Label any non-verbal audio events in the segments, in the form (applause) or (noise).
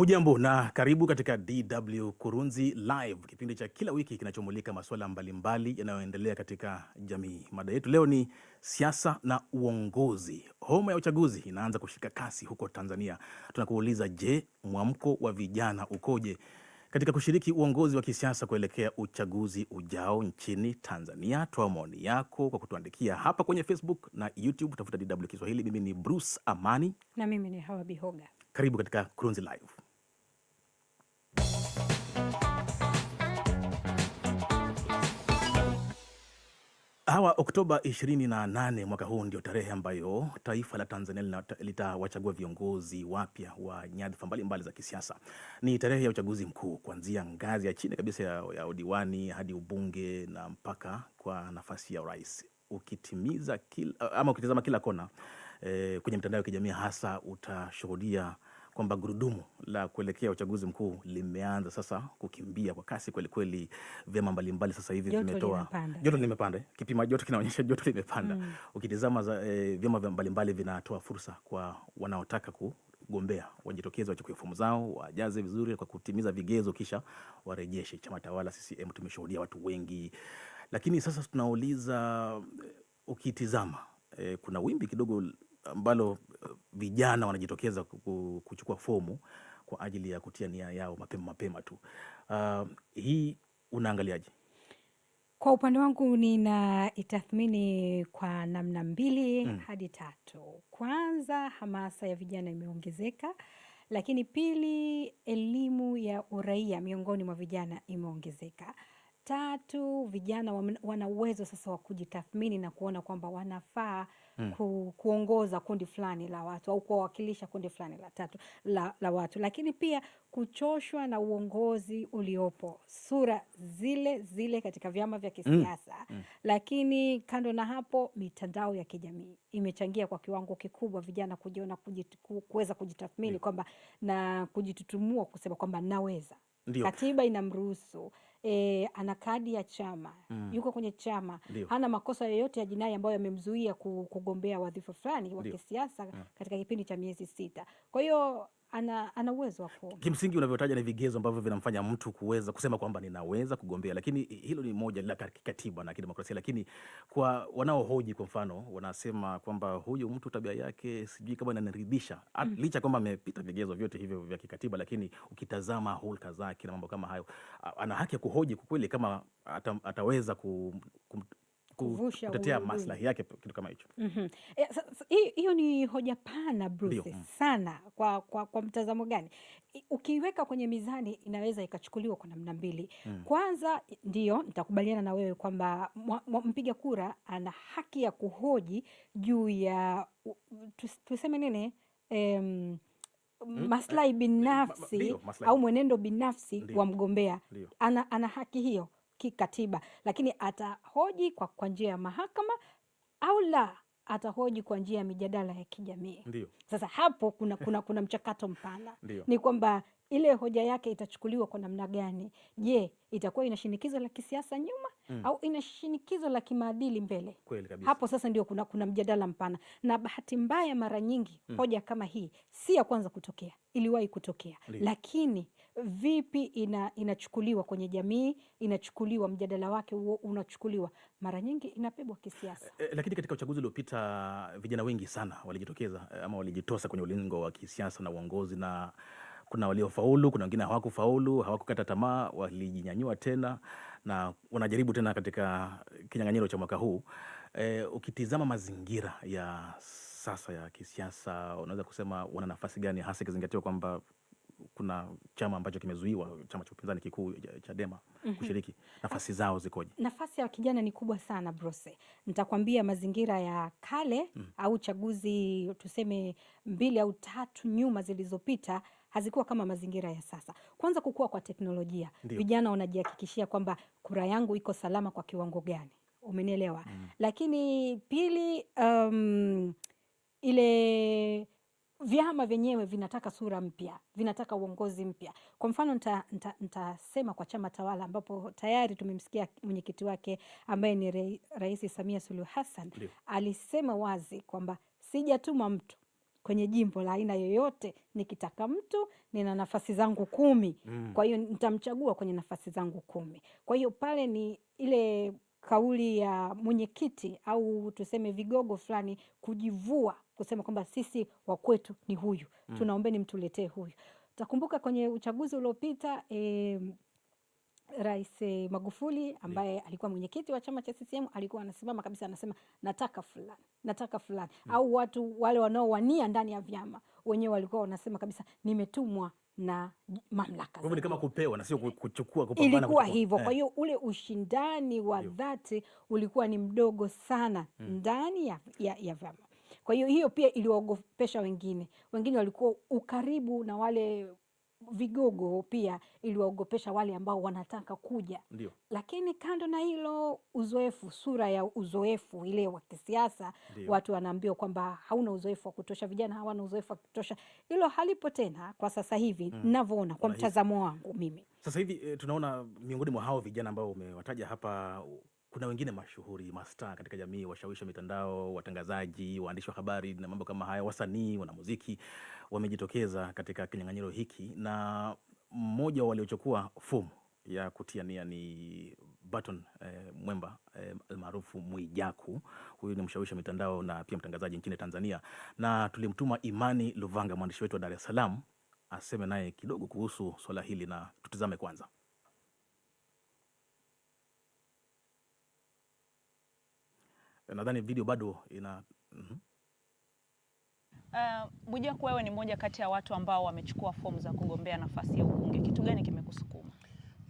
Hujambo na karibu katika DW Kurunzi Live, kipindi cha kila wiki kinachomulika masuala mbalimbali yanayoendelea katika jamii. Mada yetu leo ni siasa na uongozi. Homa ya uchaguzi inaanza kushika kasi huko Tanzania. Tunakuuliza, je, mwamko wa vijana ukoje katika kushiriki uongozi wa kisiasa kuelekea uchaguzi ujao nchini Tanzania? Toa maoni yako kwa kutuandikia hapa kwenye Facebook na YouTube, tafuta DW Kiswahili. Mimi ni Bruce Amani na mimi ni Hawa Bihoga. Karibu katika Kurunzi Live. hawa Oktoba 28 mwaka huu ndio tarehe ambayo taifa la Tanzania litawachagua viongozi wapya wa nyadhifa mbalimbali za kisiasa. Ni tarehe ya uchaguzi mkuu kuanzia ngazi ya chini kabisa ya, ya udiwani hadi ubunge na mpaka kwa nafasi ya urais. Ukitimiza kila, ama ukitizama kila kona eh, kwenye mitandao ya kijamii hasa utashuhudia kwamba gurudumu la kuelekea uchaguzi mkuu limeanza sasa kukimbia kwa kasi kwelikweli. Vyama mbalimbali sasa hivi vimetoa joto limepanda, kipima joto kinaonyesha joto limepanda mm. Ukitizama e, vyama mbalimbali vinatoa fursa kwa wanaotaka ku gombea wajitokeze, wachukue fomu zao, wajaze vizuri kwa kutimiza vigezo, kisha warejeshe chama tawala. CCM tumeshuhudia watu wengi, lakini sasa tunauliza, ukitizama e, kuna wimbi kidogo ambalo eh, vijana wanajitokeza kuchukua fomu kwa ajili ya kutia nia yao mapema mapema tu. Uh, hii unaangaliaje? Kwa upande wangu nina itathmini kwa namna mbili mm, hadi tatu. Kwanza, hamasa ya vijana imeongezeka, lakini pili, elimu ya uraia miongoni mwa vijana imeongezeka. Tatu, vijana wana uwezo sasa wa kujitathmini na kuona kwamba wanafaa Mm. ku, kuongoza kundi fulani la watu au kuwawakilisha kundi fulani la tatu la, la watu, lakini pia kuchoshwa na uongozi uliopo, sura zile zile katika vyama vya mm. kisiasa mm. Mm. Lakini kando na hapo, mitandao ya kijamii imechangia kwa kiwango kikubwa vijana kujiona kuweza kujitathmini mm. kwamba na kujitutumua kusema kwamba naweza. Ndiyo. Katiba inamruhusu e, ana kadi ya chama mm. yuko kwenye chama Dio. hana makosa yoyote ya jinai ambayo yamemzuia kugombea wadhifa fulani wa kisiasa mm. katika kipindi cha miezi sita. Kwa hiyo ana, ana uwezo wa kuomba. Kimsingi unavyotaja ni vigezo ambavyo vinamfanya mtu kuweza kusema kwamba ninaweza kugombea, lakini hilo ni moja la kikatiba na kidemokrasia. Lakini kwa wanaohoji, kwa mfano, wanasema kwamba huyu mtu tabia yake sijui kama inaniridhisha mm. licha kwamba amepita vigezo vyote hivyo vya kikatiba, lakini ukitazama hulka zake na mambo kama hayo, ana haki ya kuhoji kwa kweli kama ata, ataweza kum, kum, kutetea maslahi yake, kitu kama hicho. Mm-hmm. Eh, hiyo ni hoja pana Bruce, mm. sana kwa, kwa, kwa mtazamo gani? Ukiiweka kwenye mizani inaweza ikachukuliwa kwa namna mbili. mm. Kwanza ndiyo nitakubaliana na wewe kwamba mpiga kura ana haki ya kuhoji juu ya tuseme nini em, mm, maslahi eh, binafsi au mwenendo binafsi Ndiyo. wa mgombea ana, ana haki hiyo kikatiba, lakini atahoji kwa kwa njia ya mahakama au la atahoji kwa njia ya mijadala ya kijamii. Ndiyo. Sasa hapo kuna, kuna, kuna mchakato mpana ni kwamba ile hoja yake itachukuliwa kwa namna gani? Je, itakuwa ina shinikizo la kisiasa nyuma mm, au ina shinikizo la kimaadili mbele? Kweli kabisa. Hapo sasa ndio kuna, kuna mjadala mpana, na bahati mbaya mara nyingi mm, hoja kama hii si ya kwanza kutokea, iliwahi kutokea Ndiyo. Lakini vipi ina, inachukuliwa kwenye jamii, inachukuliwa mjadala wake huo unachukuliwa, mara nyingi inapebwa kisiasa e, lakini katika uchaguzi uliopita vijana wengi sana walijitokeza eh, ama walijitosa kwenye ulingo wa kisiasa na uongozi, na kuna waliofaulu, kuna wengine hawakufaulu, hawakukata tamaa, walijinyanyua tena na wanajaribu tena katika kinyang'anyiro cha mwaka huu. E, ukitizama mazingira ya sasa ya kisiasa, unaweza kusema wana nafasi gani hasa ikizingatiwa kwamba kuna chama ambacho kimezuiwa, chama cha upinzani kikuu Chadema mm -hmm. kushiriki, nafasi zao zikoje? Nafasi ya kijana ni kubwa sana Brose, nitakwambia mazingira ya kale mm -hmm. au chaguzi tuseme mbili au tatu nyuma zilizopita hazikuwa kama mazingira ya sasa. Kwanza kukua kwa teknolojia, vijana wanajihakikishia kwamba kura yangu iko salama kwa kiwango gani, umenielewa? mm -hmm. Lakini pili um, ile vyama vyenyewe vinataka sura mpya, vinataka uongozi mpya. Kwa mfano ntasema nta, nta kwa chama tawala ambapo tayari tumemsikia mwenyekiti wake ambaye ni Rais Samia Suluhu Hassan alisema wazi kwamba sijatuma mtu kwenye jimbo la aina yoyote, nikitaka mtu nina nafasi zangu kumi mm. Kwa hiyo nitamchagua kwenye nafasi zangu kumi. Kwa hiyo pale ni ile kauli ya mwenyekiti au tuseme vigogo fulani kujivua kusema kwamba sisi wa kwetu ni huyu mm. tunaombeni mtuletee huyu. Takumbuka kwenye uchaguzi uliopita e, Rais eh, Magufuli ambaye yeah. alikuwa mwenyekiti wa chama cha CCM alikuwa anasimama kabisa, anasema nataka fulani, nataka fulani mm. au watu wale wanaowania ndani ya vyama wenyewe walikuwa wanasema kabisa, nimetumwa na mamlaka. Ni kama kupewa na sio kuchukua, kupambana. Ilikuwa hivyo Kwa eh. hiyo ule ushindani wa dhati ulikuwa ni mdogo sana hmm. ndani ya, ya, ya vyama. Kwa hiyo hiyo pia iliwaogopesha wengine, wengine walikuwa ukaribu na wale vigogo pia iliwaogopesha wale ambao wanataka kuja. Ndiyo. Lakini kando na hilo, uzoefu, sura ya uzoefu ile wa kisiasa, watu wanaambiwa kwamba hauna uzoefu wa kutosha, vijana hawana uzoefu wa kutosha. Hilo halipo tena kwa sasa hivi hmm. ninavyoona, kwa mtazamo wangu mimi sasa hivi e, tunaona miongoni mwa hao vijana ambao umewataja hapa kuna wengine mashuhuri mastaa katika jamii, washawishi wa mitandao, watangazaji, waandishi wa habari na mambo kama haya, wasanii, wanamuziki wamejitokeza katika kinyang'anyiro hiki na mmoja waliochukua fomu ya kutia nia ni Burton eh, Mwemba eh, almaarufu Mwijaku. Huyu ni mshawishi wa mitandao na pia mtangazaji nchini Tanzania, na tulimtuma Imani Luvanga, mwandishi wetu wa Dar es Salaam, aseme naye kidogo kuhusu swala hili, na tutizame kwanza. Nadhani video bado ina mm -hmm. Uh, Mwijaku, wewe ni mmoja kati ya watu ambao wamechukua fomu za kugombea nafasi ya ubunge, kitu gani kimekusukuma?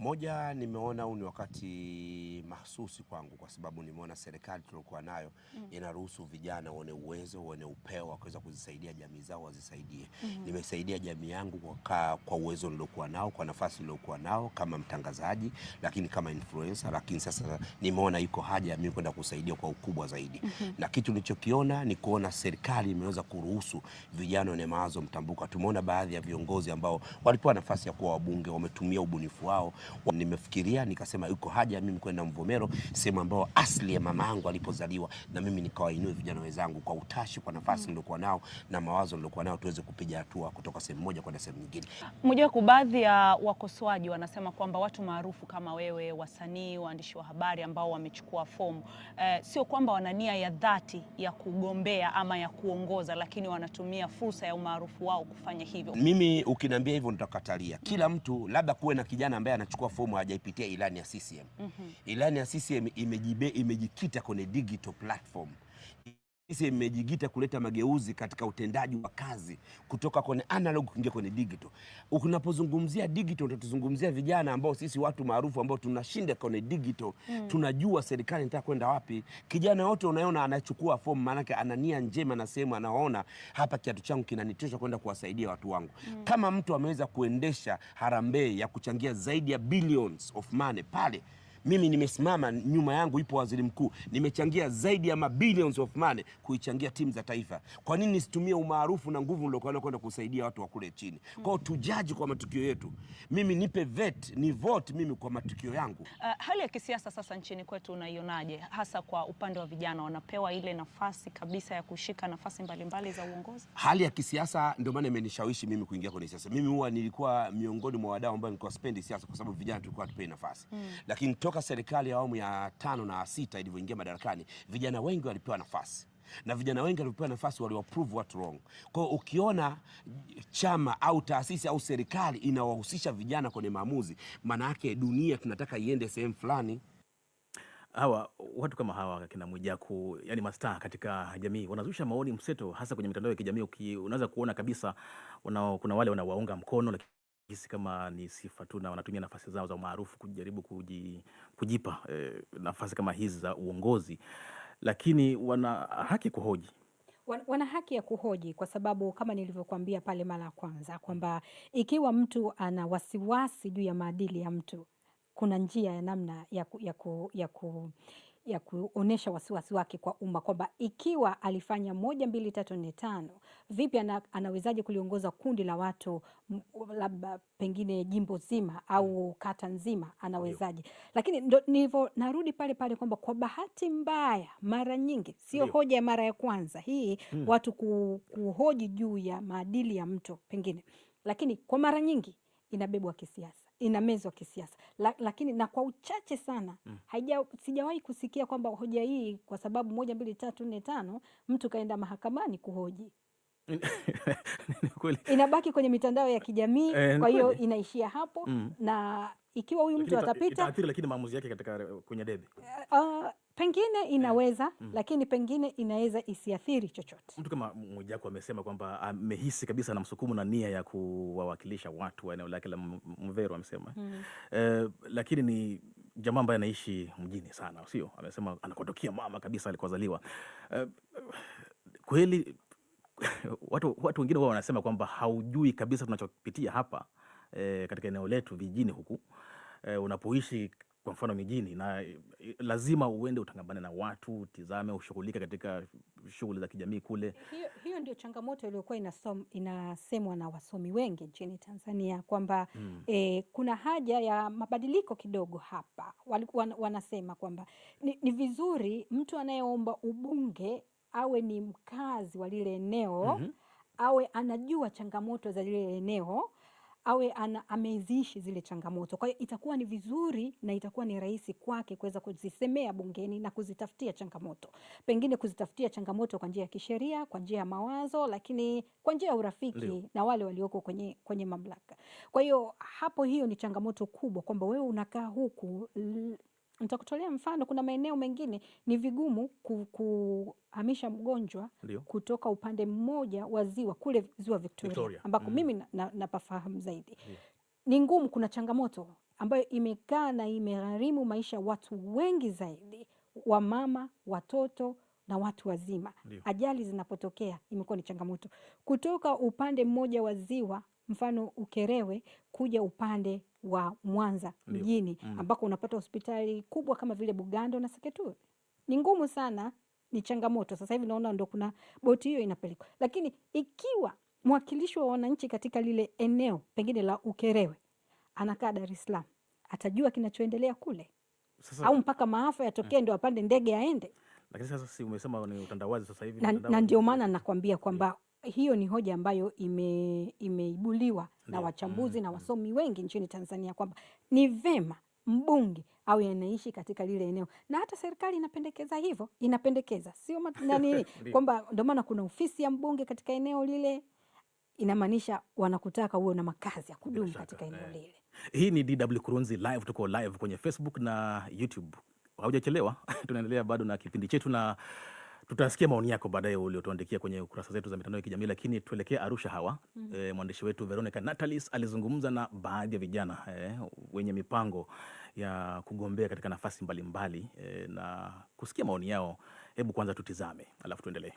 Moja, nimeona huu ni wakati mahsusi kwangu kwa sababu nimeona serikali tuliokuwa nayo mm. inaruhusu vijana wone uwezo wone upeo wa kuweza kuzisaidia jamii zao wazisaidie. mm -hmm. Nimesaidia jamii yangu kwa, kwa uwezo niliokuwa nao kwa nafasi niliokuwa nao kama mtangazaji, lakini kama influencer, lakini sasa nimeona iko haja ya mimi kwenda kusaidia kwa ukubwa zaidi. mm -hmm. Na kitu nilichokiona ni kuona serikali imeweza kuruhusu vijana wenye mawazo mtambuka. Tumeona baadhi ya viongozi ambao walipewa nafasi ya kuwa wabunge wametumia ubunifu wao Nimefikiria nikasema yuko haja mimi kwenda Mvomero, sehemu ambayo asili ya mama yangu alipozaliwa, na mimi nikawainue vijana wenzangu kwa utashi, kwa nafasi mm. niliokuwa nao na mawazo niliokuwa nao, tuweze kupiga hatua kutoka sehemu moja kwenda sehemu nyingine. kwa baadhi ya wakosoaji wanasema kwamba watu maarufu kama wewe, wasanii, waandishi wa habari ambao wamechukua fomu eh, sio kwamba wana nia ya dhati ya kugombea ama ya kuongoza, lakini wanatumia fursa ya umaarufu wao kufanya hivyo. Mimi ukiniambia hivyo nitakatalia. Kila mm. mtu labda kuwe na kijana ambaye anachukua kuchukua fomu hajaipitia ilani ya CCM. Mm -hmm. Ilani ya CCM imejikita kwenye digital platform sisi imejigita kuleta mageuzi katika utendaji wa kazi kutoka kwenye analog kuingia kwenye digital. Unapozungumzia digital, unatuzungumzia vijana ambao sisi watu maarufu ambao tunashinda kwenye digital mm. Tunajua serikali inataka kwenda wapi. Kijana wote unaona anachukua fomu, maanake ana nia njema na sehemu anaona hapa kiatu changu kinanitosha kwenda kuwasaidia watu wangu mm. Kama mtu ameweza kuendesha harambee ya kuchangia zaidi ya billions of money pale mimi nimesimama nyuma yangu ipo waziri mkuu, nimechangia zaidi ya mabillions of money kuichangia timu za taifa. Kwa nini nisitumie umaarufu na nguvu nilokuwa nayo kwenda kusaidia watu wa kule chini? Kwao tujaji kwa matukio yetu, mimi nipe vet ni vote mimi kwa matukio yangu. Uh, hali ya kisiasa sasa nchini kwetu unaionaje, hasa kwa upande wa vijana? Wanapewa ile nafasi kabisa ya kushika nafasi mbalimbali za uongozi? Hali ya kisiasa ndio maana imenishawishi mimi kuingia kwenye siasa. Mimi huwa nilikuwa miongoni mwa wadau ambao nilikuwa sipendi siasa, kwa sababu vijana tulikuwa hatupewi nafasi mm. lakini toka serikali ya awamu ya tano na sita ilivyoingia madarakani, vijana wengi walipewa nafasi na vijana wengi walipewa nafasi waliwaprove watu wrong. Kwa hiyo ukiona chama au taasisi au serikali inawahusisha vijana kwenye maamuzi, maana yake dunia tunataka iende sehemu fulani. Hawa watu kama hawa kina Mwijaku, yani mastaa katika jamii wanazusha maoni mseto, hasa kwenye mitandao ya kijamii. Unaweza kuona kabisa kuna wale wanawaunga mkono lakini hisi kama ni sifa tu na wanatumia nafasi zao za umaarufu kujaribu kuji, kujipa eh, nafasi kama hizi za uongozi, lakini wana haki kuhoji wana haki ya kuhoji kwa sababu kama nilivyokuambia pale mara ya kwanza kwamba ikiwa mtu ana wasiwasi juu ya maadili ya mtu, kuna njia ya namna ya, ku, ya, ku, ya, ku, ya kuonesha wasiwasi wake kwa umma kwamba ikiwa alifanya moja mbili tatu nne tano, vipi ana, anawezaje kuliongoza kundi la watu labda pengine jimbo zima au mm. kata nzima anawezaje? Lakini ndo nilivyo narudi pale pale kwamba kwa bahati mbaya mara nyingi sio hoja ya mara ya kwanza hii hmm, watu ku, kuhoji juu ya maadili ya mtu pengine, lakini kwa mara nyingi inabebwa kisiasa inamezwa kisiasa la, lakini na kwa uchache sana mm. haija sijawahi kusikia kwamba hoja hii kwa sababu moja mbili tatu nne tano mtu kaenda mahakamani kuhoji inabaki kwenye mitandao ya kijamii eh, kwa hiyo inaishia hapo mm. na ikiwa huyu mtu atapita lakini maamuzi yake katika kwenye debe uh, pengine eh. inaweza mm. Lakini pengine inaweza isiathiri chochote. Mtu kama mwijako amesema kwamba amehisi kabisa na msukumo na nia ya kuwawakilisha watu wa eneo lake la Mveru amesema mm. E, lakini ni jamaa ambaye anaishi mjini sana, sio? Amesema anakotokia mama kabisa alikozaliwa. E, kweli (laughs) watu, watu wengine wao wanasema kwamba haujui kabisa tunachopitia hapa e, katika eneo letu vijijini huku e, unapoishi kwa mfano mijini, na eh, lazima uende utangamane na watu, utizame, ushughulike katika shughuli za kijamii kule. Hiyo, hiyo ndio changamoto iliyokuwa inasemwa na wasomi wengi nchini Tanzania kwamba mm. eh, kuna haja ya mabadiliko kidogo hapa. wan, wanasema kwamba ni, ni vizuri mtu anayeomba ubunge awe ni mkazi wa lile eneo mm -hmm. awe anajua changamoto za lile eneo awe ana, ameziishi zile changamoto. Kwa hiyo itakuwa ni vizuri na itakuwa ni rahisi kwake kuweza kuzisemea bungeni na kuzitafutia changamoto, pengine kuzitafutia changamoto kwa njia ya kisheria, kwa njia ya mawazo, lakini kwa njia ya urafiki Leo. na wale walioko kwenye, kwenye mamlaka. Kwa hiyo hapo, hiyo ni changamoto kubwa kwamba wewe unakaa huku Nitakutolea mfano, kuna maeneo mengine ni vigumu kuhamisha mgonjwa Lio. kutoka upande mmoja wa ziwa kule ziwa Victoria, Victoria. ambako mm. mimi napafahamu na zaidi ni ngumu, kuna changamoto ambayo imekaa na imegharimu maisha watu wengi zaidi, wa mama watoto na watu wazima. Lio. Ajali zinapotokea imekuwa ni changamoto kutoka upande mmoja wa ziwa, mfano Ukerewe, kuja upande wa Mwanza mjini mm. ambako unapata hospitali kubwa kama vile Bugando na Seketura. Ni ngumu sana, ni changamoto. Sasa hivi naona ndo kuna boti hiyo inapelekwa, lakini ikiwa mwakilishi wa wananchi katika lile eneo pengine la Ukerewe anakaa Dar es Salaam, atajua kinachoendelea kule sasa, au mpaka maafa yatokee mm. ndo apande ndege aende. Lakini sasa si umesema ni utandawazi sasa hivi, na ndio maana nakwambia kwamba hiyo ni hoja ambayo ime, imeibuliwa na wachambuzi mm. na mm. wasomi wengi nchini Tanzania kwamba ni vema mbunge au anaishi katika lile eneo, na hata serikali inapendekeza hivyo, inapendekeza sio (laughs) nani, kwamba ndio maana kuna ofisi ya mbunge katika eneo lile, inamaanisha wanakutaka uwe na makazi ya kudumu katika eneo eh, lile. Hii ni DW Kurunzi live, tuko live kwenye Facebook na YouTube. Haujachelewa, (laughs) tunaendelea bado na kipindi chetu na tutasikia maoni yako baadaye uliotuandikia kwenye kurasa zetu za mitandao ya kijamii, lakini tuelekee Arusha hawa. mm -hmm. E, mwandishi wetu Veronica Natalis alizungumza na baadhi ya vijana e, wenye mipango ya kugombea katika nafasi mbalimbali mbali, eh, e, na kusikia maoni yao. Hebu kwanza tutizame, alafu tuendelee.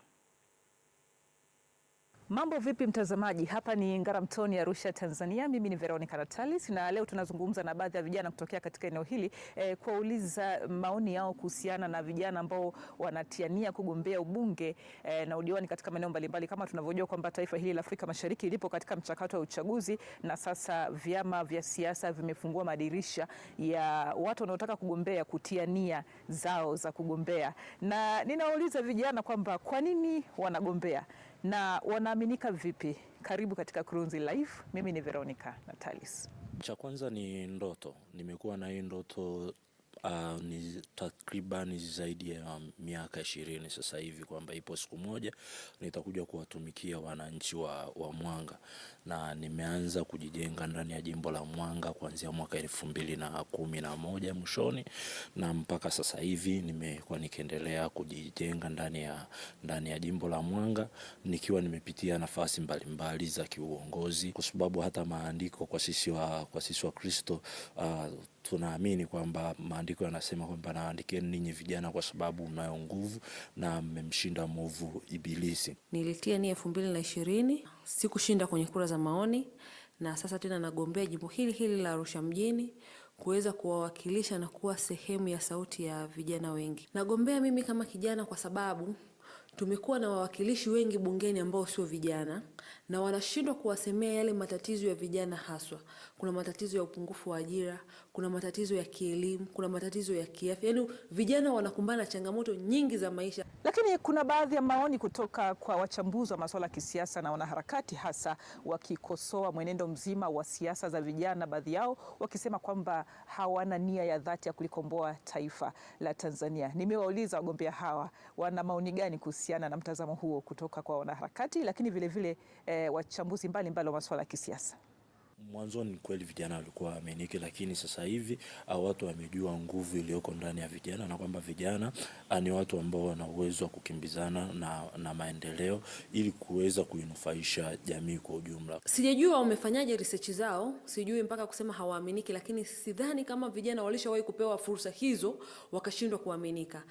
Mambo vipi mtazamaji, hapa ni Ngaramtoni, Arusha, Tanzania. Mimi ni Veronica Natalis na leo tunazungumza na baadhi ya vijana kutokea katika eneo hili eh, kuwauliza maoni yao kuhusiana na vijana ambao wanatiania kugombea ubunge eh, na udiwani katika maeneo mbalimbali. Kama tunavyojua kwamba taifa hili la Afrika Mashariki lipo katika mchakato wa uchaguzi, na sasa vyama vya siasa vimefungua madirisha ya watu wanaotaka kugombea kutiania zao za kugombea, na ninawauliza vijana kwamba kwa nini wanagombea na wanaaminika vipi? Karibu katika Kurunzi Live. Mimi ni Veronica Natalis. Cha kwanza ni ndoto, nimekuwa na hii ndoto uh, ni takriban zaidi ya miaka ishirini sasa hivi, kwamba ipo siku moja nitakuja kuwatumikia wananchi wa, wa Mwanga na nimeanza kujijenga ndani ya jimbo la Mwanga kuanzia mwaka elfu mbili na kumi na moja mwishoni na mpaka sasa hivi nimekuwa nikiendelea kujijenga ndani ya, ndani ya jimbo la Mwanga nikiwa nimepitia nafasi mbalimbali za kiuongozi, kwa sababu hata maandiko kwa sisi wa kwa sisi wa Kristo uh, tunaamini kwamba maandiko yanasema kwamba naandikeni ninyi vijana kwa sababu mnayo nguvu na mmemshinda mwovu Ibilisi. Nilitia nia elfu mbili na ishirini sikushinda kwenye kura za maoni, na sasa tena nagombea jimbo hili hili la Arusha mjini kuweza kuwawakilisha na kuwa sehemu ya sauti ya vijana wengi. Nagombea mimi kama kijana kwa sababu tumekuwa na wawakilishi wengi bungeni ambao sio vijana, na wanashindwa kuwasemea yale matatizo ya vijana haswa. Kuna matatizo ya upungufu wa ajira, kuna matatizo ya kielimu, kuna matatizo ya kiafya, yaani vijana wanakumbana na changamoto nyingi za maisha. Lakini kuna baadhi ya maoni kutoka kwa wachambuzi wa masuala ya kisiasa na wanaharakati, hasa wakikosoa mwenendo mzima wa siasa za vijana, baadhi yao wakisema kwamba hawana nia ya dhati ya kulikomboa taifa la Tanzania. Nimewauliza wagombea hawa wana maoni gani kuhusiana na mtazamo huo kutoka kwa wanaharakati, lakini vilevile vile, eh, wachambuzi mbalimbali wa masuala ya kisiasa. Mwanzoni kweli vijana walikuwa waaminiki lakini sasa hivi ah, watu wamejua nguvu iliyoko ndani ya vijana na kwamba vijana ah, ni watu ambao wana uwezo wa kukimbizana na, na maendeleo ili kuweza kuinufaisha jamii kwa ujumla. Sijajua wamefanyaje research zao, sijui mpaka kusema hawaaminiki, lakini sidhani kama vijana walishawahi kupewa fursa hizo wakashindwa kuaminika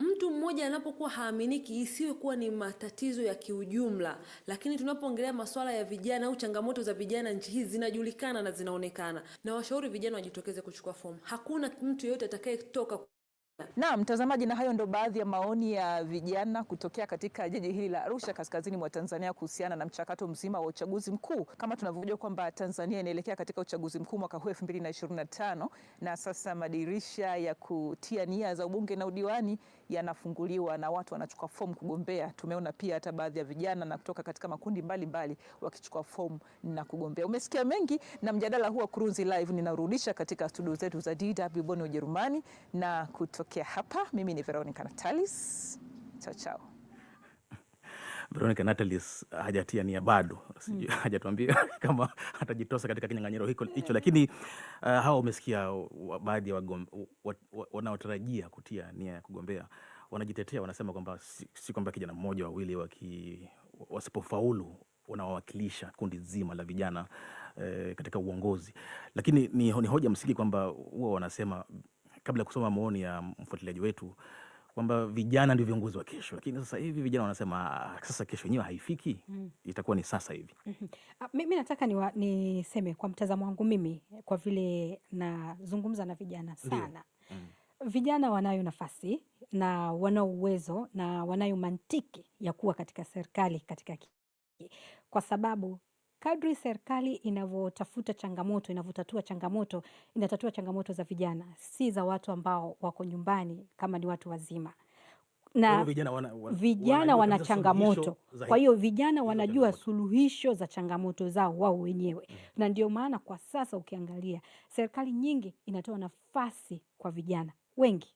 mtu mmoja anapokuwa haaminiki isiwe kuwa ni matatizo ya kiujumla, lakini tunapoongelea masuala ya vijana au changamoto za vijana nchi hii zinajulikana na zinaonekana, na washauri vijana wajitokeze kuchukua fomu. Hakuna mtu yeyote atakayetoka na mtazamaji, na hayo ndo baadhi ya maoni ya vijana kutokea katika jiji hili la Arusha kaskazini mwa Tanzania kuhusiana na mchakato mzima wa uchaguzi mkuu. Kama tunavyojua kwamba Tanzania inaelekea katika uchaguzi mkuu mwaka huu 2025 na sasa madirisha ya kutia nia za ubunge na udiwani yanafunguliwa na watu wanachukua fomu kugombea. Tumeona pia hata baadhi ya vijana na kutoka katika makundi mbalimbali wakichukua fomu na kugombea. Umesikia mengi na mjadala huu wa Kurunzi Live ninarudisha katika studio zetu za DW Bonn Ujerumani na kutoka kufikia hapa. Mimi ni Veronica Natalis, chao chao. (laughs) Veronica Natalis hajatia nia bado, sijui mm. hajatuambia (laughs) kama atajitosa katika kinyang'anyiro hicho yeah. Lakini uh, hawa umesikia baadhi ya wanaotarajia kutia nia ya kugombea wanajitetea, wanasema kwamba si, si kwamba kijana mmoja wawili waki, wasipofaulu wanawawakilisha kundi zima la vijana eh, katika uongozi. Lakini ni, ni hoja msingi kwamba huwa wanasema kabla ya kusoma maoni ya mfuatiliaji wetu kwamba vijana ndio viongozi wa kesho, lakini sasa hivi vijana wanasema ah, sasa kesho yenyewe haifiki mm. itakuwa ni sasa hivi mm -hmm. Mi nataka niseme ni kwa mtazamo wangu mimi, kwa vile nazungumza na vijana sana mm. Vijana wanayo nafasi na wanao uwezo na wanayo mantiki ya kuwa katika serikali katika, kwa sababu kadri serikali inavyotafuta changamoto, inavyotatua changamoto, inatatua changamoto za vijana, si za watu ambao wako nyumbani kama ni watu wazima na vijana wana, wana, vijana wana changamoto. Kwa hiyo vijana wanajua suluhisho za changamoto zao wao wenyewe mm. Na ndio maana kwa sasa ukiangalia serikali nyingi inatoa nafasi kwa vijana wengi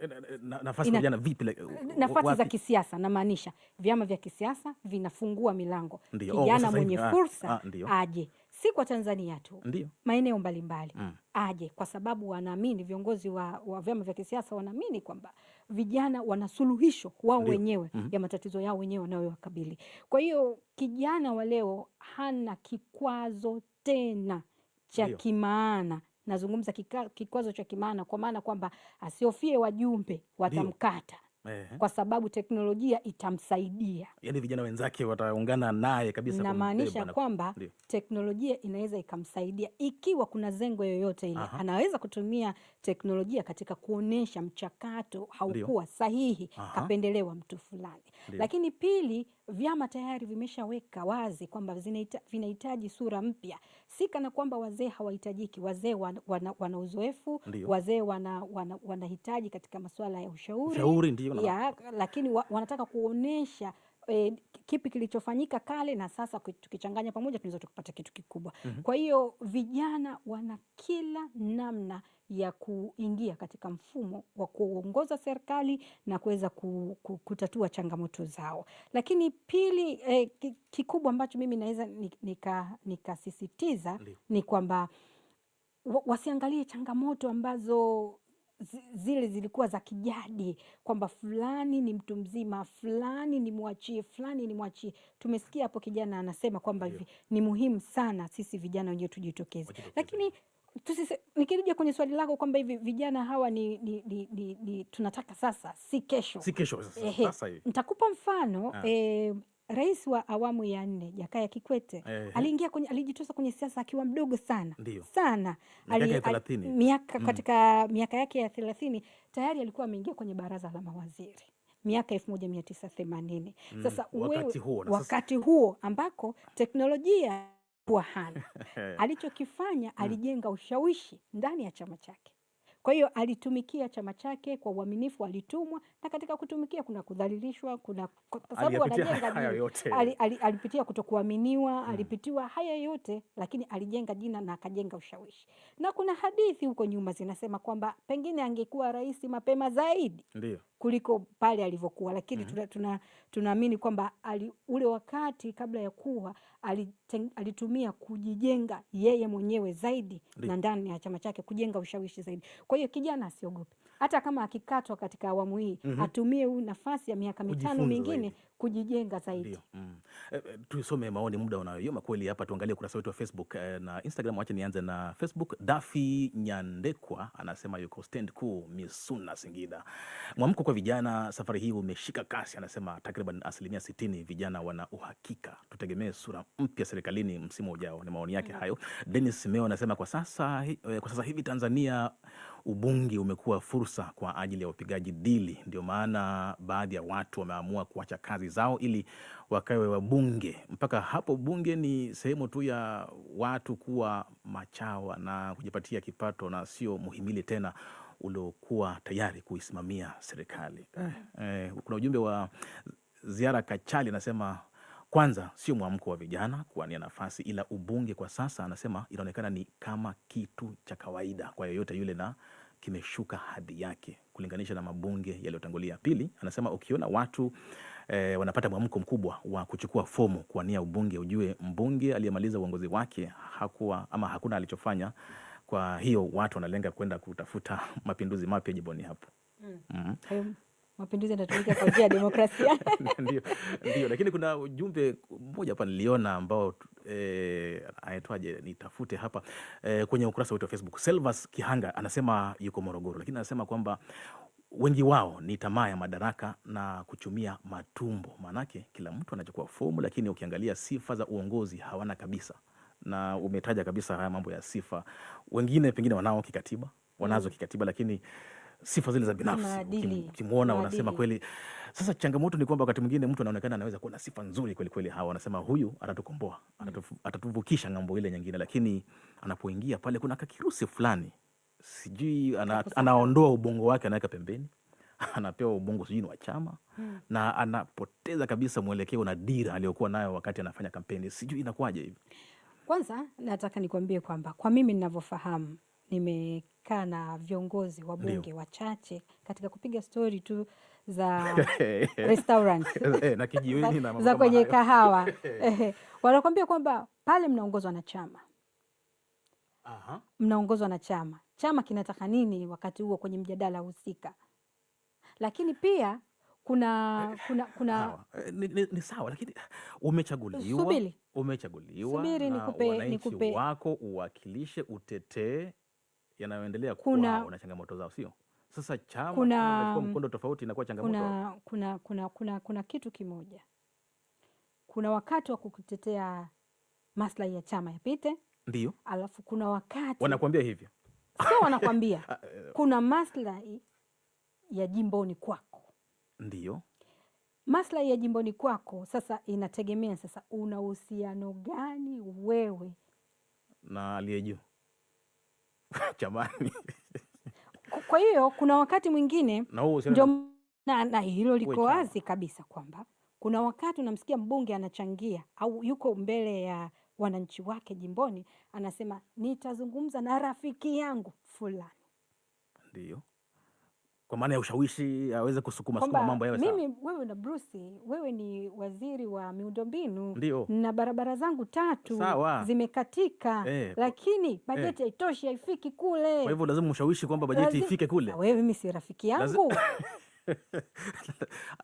Eh, eh, eh, nafasi ina, vijana vipi like, nafasi za kisiasa namaanisha vyama vya kisiasa vinafungua milango ndiyo, oh, kijana oh, mwenye ah, fursa ah, aje si kwa Tanzania tu maeneo mbalimbali mm, aje kwa sababu wanaamini viongozi wa, wa vyama vya kisiasa wanaamini kwamba vijana wana suluhisho wao wenyewe mm -hmm, ya matatizo yao wenyewe wanayowakabili. Kwa hiyo kijana wa leo hana kikwazo tena cha kimaana nazungumza kikwazo cha kimaana, kwa maana kwamba asiofie wajumbe watamkata kwa sababu teknolojia itamsaidia, yani vijana wenzake wataungana naye kabisa. Namaanisha kwamba Dio. teknolojia inaweza ikamsaidia ikiwa kuna zengo yoyote ile, Aha. anaweza kutumia teknolojia katika kuonyesha mchakato haukuwa sahihi, Aha. kapendelewa mtu fulani. Ndiyo. Lakini pili, vyama tayari vimeshaweka wazi kwamba vinahitaji sura mpya, si kana kwamba wazee hawahitajiki. Wazee wana, wana, wana uzoefu, wazee wanahitaji wana, wana katika masuala ya ushauri, ushauri ya, lakini wa, wanataka kuonesha e, kipi kilichofanyika kale na sasa, tukichanganya pamoja tunaweza tukapata kitu kikubwa. mm -hmm. Kwa hiyo vijana wana kila namna ya kuingia katika mfumo wa kuongoza serikali na kuweza kutatua changamoto zao. Lakini pili, eh, kikubwa ambacho mimi naweza nikasisitiza nika ni kwamba wasiangalie changamoto ambazo zile zilikuwa za kijadi, kwamba fulani ni mtu mzima, fulani ni mwachie, fulani ni mwachie. Tumesikia hapo kijana anasema kwamba hivi ni muhimu sana sisi vijana wenyewe tujitokeze, lakini nikirija kwenye swali lako kwamba hivi vijana hawa ni, ni, ni, ni, ni tunataka sasa, si kesho, si kesho sasa, sasa hivi nitakupa mfano ah. eh, Rais wa awamu ya nne Jakaya Kikwete eh, aliingia kwenye, alijitosa kwenye siasa akiwa mdogo sana ndiyo, sana ya al, miaka, mm, katika miaka yake ya thelathini tayari alikuwa ameingia kwenye baraza la mawaziri miaka elfu moja mia tisa themanini sasa mm, sasa wakati, huo, wakati huo ambako teknolojia kuwa hana (laughs) alichokifanya, alijenga ushawishi ndani ya chama chake kwa hiyo alitumikia chama chake kwa uaminifu, alitumwa, na katika kutumikia kuna kudhalilishwa, kuna kwa sababu anajenga ali, ali, alipitia kutokuaminiwa hmm. Alipitiwa haya yote, lakini alijenga jina na akajenga ushawishi, na kuna hadithi huko nyuma zinasema kwamba pengine angekuwa rais mapema zaidi Ndiyo. kuliko pale alivyokuwa, lakini hmm. tunaamini tuna, tuna kwamba ule wakati kabla ya kuwa ali alitumia kujijenga yeye mwenyewe zaidi na ndani ya chama chake kujenga ushawishi zaidi. Kwa hiyo kijana asiogope hata kama akikatwa katika awamu hii mm -hmm. atumie huu nafasi ya miaka mitano mingine kujijenga zaidi. Mm. E, tusome maoni, muda unayoyoma kweli hapa. Tuangalie ukurasa wetu wa Facebook e, na Instagram. Wache nianze na Facebook. Dafi Nyandekwa anasema yuko stand kuu Misuna, Singida. Mwamko kwa vijana safari hii umeshika kasi, anasema takriban asilimia sitini vijana wana uhakika. Tutegemee sura mpya serikalini msimu ujao. Ni maoni yake mm -hmm. hayo. Denis Meo anasema kwa sasa, kwa sasa hivi Tanzania ubunge umekuwa fursa kwa ajili ya wapigaji dili. Ndio maana baadhi ya watu wameamua kuacha kazi zao ili wakawe wabunge. Mpaka hapo bunge ni sehemu tu ya watu kuwa machawa na kujipatia kipato na sio muhimili tena uliokuwa tayari kuisimamia serikali. Eh, eh, kuna ujumbe wa ziara Kachali anasema kwanza sio mwamko wa vijana kuwania nafasi, ila ubunge kwa sasa, anasema inaonekana ni kama kitu cha kawaida kwa yoyote yule na kimeshuka hadhi yake kulinganisha na mabunge yaliyotangulia. Pili, anasema ukiona watu e, wanapata mwamko mkubwa wa kuchukua fomu kuwania ubunge, ujue mbunge aliyemaliza uongozi wake hakuwa ama hakuna alichofanya. Kwa hiyo watu wanalenga kwenda kutafuta (laughs) mapinduzi mapya jimboni hapo. mm. mm. mapinduzi yanatumika kwa njia ya demokrasia. (laughs) Ndio, ndio, lakini kuna ujumbe mmoja hapa niliona ambao eh, anaitwaje, nitafute hapa eh, kwenye ukurasa wetu wa Facebook. Selvas Kihanga anasema yuko Morogoro, lakini anasema kwamba wengi wao ni tamaa ya madaraka na kuchumia matumbo, maanake kila mtu anachukua fomu, lakini ukiangalia sifa za uongozi hawana kabisa, na umetaja kabisa haya mambo ya sifa. Wengine pengine wanao kikatiba, wanazo mm. kikatiba, lakini sifa zile za binafsi, ukimwona unasema kweli. Sasa changamoto ni kwamba wakati mwingine mtu anaonekana anaweza kuwa na sifa nzuri kweli kweli, hawa wanasema huyu atatukomboa, mm. atatuvukisha ng'ambo ile nyingine, lakini anapoingia pale kuna kakirusi fulani, sijui ana, anaondoa ubongo wake anaweka pembeni (laughs) anapewa ubongo sijui ni wa chama hmm. na anapoteza kabisa mwelekeo na dira aliyokuwa nayo wakati anafanya kampeni. Sijui inakuwaje hivi. Kwanza nataka nikuambie kwamba kwa mimi ninavyofahamu, nime nimekaa na viongozi wa bunge wachache katika kupiga stori tu za (laughs) restaurant (laughs) eh, na kijiweni na za kwenye kahawa (laughs) eh. wanakwambia kwamba pale mnaongozwa na chama. Aha. Mnaongozwa na chama, chama kinataka nini wakati huo kwenye mjadala husika, lakini pia kuna eh, kuna kuna ni, ni, ni sawa lakini umechaguliwa, umechaguliwa, subiri nikupe, nikupe, wako uwakilishe, utetee yanayoendelea kuna, kuwa na changamoto zao, sio sasa chama kuna mkondo tofauti inakuwa changamoto kuna, kuna, kuna, kuna, kuna kitu kimoja, kuna wakati wa kukutetea maslahi ya chama yapite, ndio alafu kuna wakati wanakuambia hivyo, sio wanakuambia (laughs) ah, eh. kuna maslahi ya jimboni kwako, ndio maslahi ya jimboni kwako. Sasa inategemea sasa, una uhusiano gani wewe na aliye juu (laughs) jamani. Kwa hiyo kuna wakati mwingine ndio na, na hilo liko wazi kabisa kwamba kuna wakati unamsikia mbunge anachangia au yuko mbele ya wananchi wake jimboni, anasema nitazungumza na rafiki yangu fulani, ndio kwa maana ya ushawishi aweze kusukuma sukuma mambo yawe sawa. Mimi wewe na Bruce, wewe ni waziri wa miundombinu na barabara zangu tatu sawa, zimekatika eh, lakini eh. bajeti haitoshi eh, haifiki kule. Kwa hivyo lazima ushawishi kwamba bajeti Lazi... ifike kule. Na wewe mimi si rafiki yangu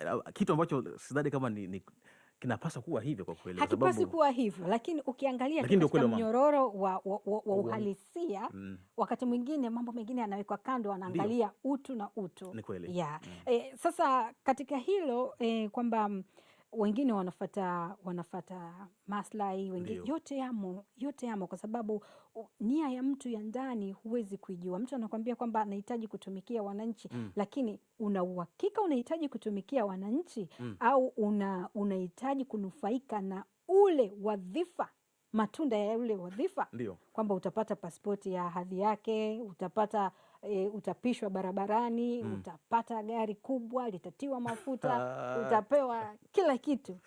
Lazi... (laughs) kitu ambacho sidhani kama ni, ni kinapaswa kuwa hivyo kwa kweli, hakipaswi kuwa hivyo, lakini ukiangalia katika mnyororo wa, wa, wa, wa uhalisia mm. wakati mwingine mambo mengine yanawekwa kando, wanaangalia utu na utu. Ni kweli. Yeah. Mm. E, sasa katika hilo e, kwamba mm, wengine wanafata wanafata maslahi wengine, yote yamo, yote yamo, kwa sababu nia ya mtu ya ndani huwezi kuijua. Mtu anakwambia kwamba anahitaji kutumikia wananchi mm. lakini una uhakika unahitaji kutumikia wananchi mm. au una unahitaji kunufaika na ule wadhifa matunda ya ule wadhifa, kwamba utapata paspoti ya hadhi yake, utapata e, utapishwa barabarani mm. Utapata gari kubwa litatiwa mafuta (laughs) utapewa kila kitu.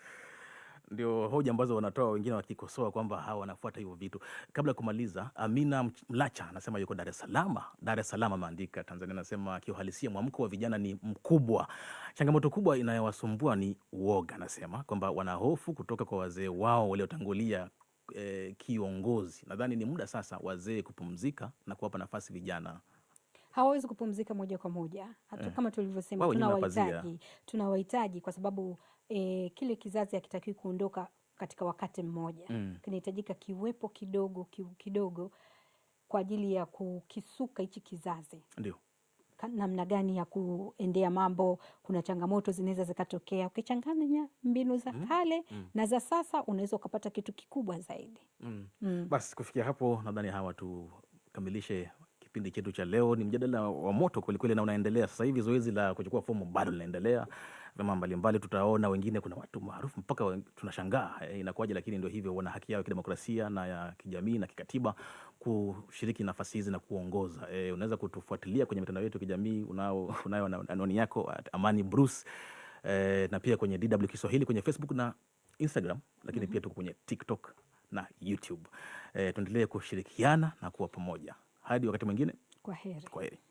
Ndio hoja ambazo wanatoa wengine wakikosoa kwamba hawa wanafuata hivyo vitu. Kabla ya kumaliza, Amina Mlacha anasema yuko Dar es Salaam. Dar es Salaam ameandika Tanzania, anasema kiuhalisia mwamko wa vijana ni mkubwa. Changamoto kubwa inayowasumbua ni uoga. Anasema kwamba wanahofu kutoka kwa wazee wao waliotangulia eh, kiongozi. Nadhani ni muda sasa wazee kupumzika na kuwapa nafasi vijana hawawezi kupumzika moja kwa moja hata eh. kama tulivyosema, tunawahitaji tunawahitaji kwa sababu e, kile kizazi hakitakiwi kuondoka katika wakati mmoja mm. Kinahitajika kiwepo kidogo kidogo kwa ajili ya kukisuka hichi kizazi ndio namna gani ya kuendea mambo. Kuna changamoto zinaweza zikatokea, ukichanganya mbinu za mm-hmm. kale mm. na za sasa unaweza ukapata kitu kikubwa zaidi mm. Mm. Basi kufikia hapo nadhani hawa tukamilishe kipindi chetu cha leo. Ni mjadala wa moto kwelikweli na unaendelea sasa hivi, zoezi la kuchukua fomu bado linaendelea, vyama mbalimbali tutaona, wengine kuna watu maarufu mpaka tunashangaa eh, inakuwaje, lakini ndio hivyo, wana haki yao ya kidemokrasia na ya kijamii na kikatiba kushiriki nafasi hizi na kuongoza. Eh, unaweza kutufuatilia kwenye mitandao yetu ya kijamii, unayo anwani yako Amani Bruce eh, na pia kwenye DW Kiswahili kwenye Facebook na Instagram, lakini mm -hmm. pia tuko kwenye TikTok na YouTube. Eh, tuendelee kushirikiana na kuwa pamoja hadi wakati mwingine, kwa heri. Kwa heri.